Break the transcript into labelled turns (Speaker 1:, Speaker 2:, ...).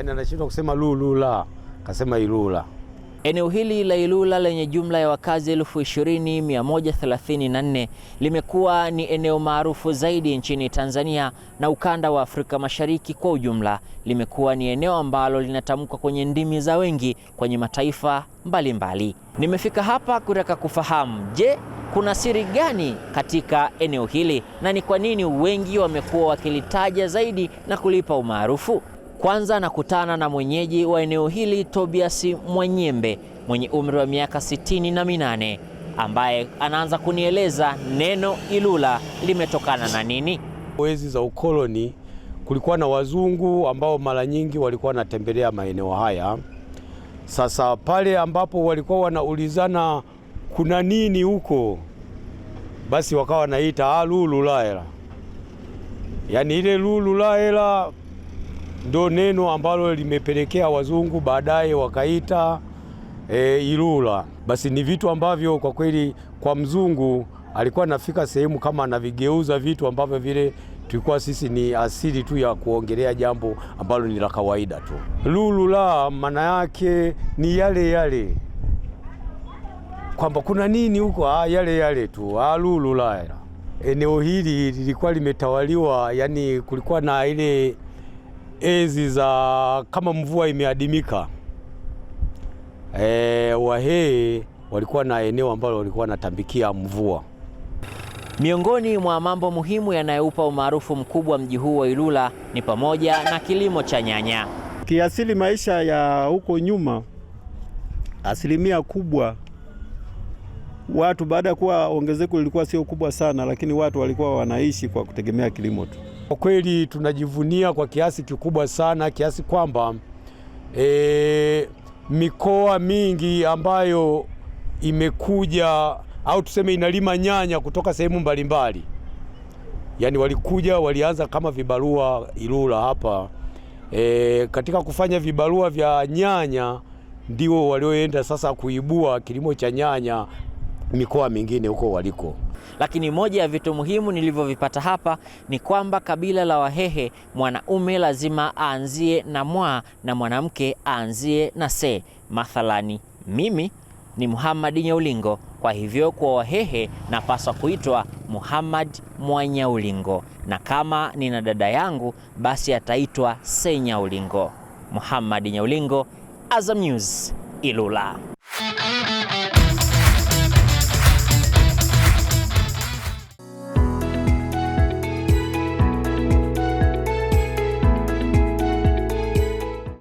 Speaker 1: yani anashindwa kusema lulula, akasema ilula.
Speaker 2: Eneo hili la Ilula lenye jumla ya wakazi elfu ishirini mia moja thelathini na nne limekuwa ni eneo maarufu zaidi nchini Tanzania na ukanda wa Afrika Mashariki kwa ujumla. Limekuwa ni eneo ambalo linatamkwa kwenye ndimi za wengi kwenye mataifa mbalimbali mbali. Nimefika hapa kutaka kufahamu, je, kuna siri gani katika eneo hili na ni kwa nini wengi wamekuwa wakilitaja zaidi na kulipa umaarufu? Kwanza nakutana na mwenyeji wa eneo hili Tobias Mwanyembe mwenye umri wa miaka sitini na minane ambaye anaanza kunieleza neno Ilula limetokana na nini.
Speaker 1: Enzi za ukoloni kulikuwa na wazungu ambao mara nyingi walikuwa wanatembelea maeneo haya. Sasa pale ambapo walikuwa wanaulizana kuna nini huko, basi wakawa wanaita lululaela, yaani ile lululaela ndo neno ambalo limepelekea wazungu baadaye wakaita e, Ilula. Basi ni vitu ambavyo kwa kweli kwa mzungu alikuwa anafika sehemu kama anavigeuza vitu ambavyo vile tulikuwa sisi ni asili tu ya kuongelea jambo ambalo ni la kawaida tu. Lulu la maana yake ni yale yale, kwamba kuna nini huko? Ah, yale yale tu. Ah, lulu la eneo hili lilikuwa limetawaliwa, yani kulikuwa na ile ezi za kama mvua imeadimika e, Wahee walikuwa na eneo ambalo walikuwa wanatambikia mvua.
Speaker 2: Miongoni mwa mambo muhimu yanayoupa umaarufu mkubwa mji huu wa Ilula ni pamoja na kilimo cha nyanya.
Speaker 1: Kiasili maisha ya huko nyuma, asilimia kubwa watu baada ya kuwa ongezeko lilikuwa sio kubwa sana, lakini watu walikuwa wanaishi kwa kutegemea kilimo tu. Kwa kweli tunajivunia kwa kiasi kikubwa sana kiasi kwamba e, mikoa mingi ambayo imekuja au tuseme inalima nyanya kutoka sehemu mbalimbali, yaani walikuja walianza kama vibarua Ilula hapa e, katika kufanya vibarua vya nyanya ndio walioenda sasa kuibua kilimo cha nyanya mikoa mingine huko waliko.
Speaker 2: Lakini moja ya vitu muhimu nilivyovipata hapa ni kwamba kabila la Wahehe mwanaume lazima aanzie na mwa na mwanamke aanzie na se. Mathalani mimi ni Muhammad Nyaulingo, kwa hivyo kwa Wahehe napaswa kuitwa Muhammad Mwanyaulingo, na kama nina dada yangu basi ataitwa se Nyaulingo. Muhammad Nyaulingo, Azam News, Ilula.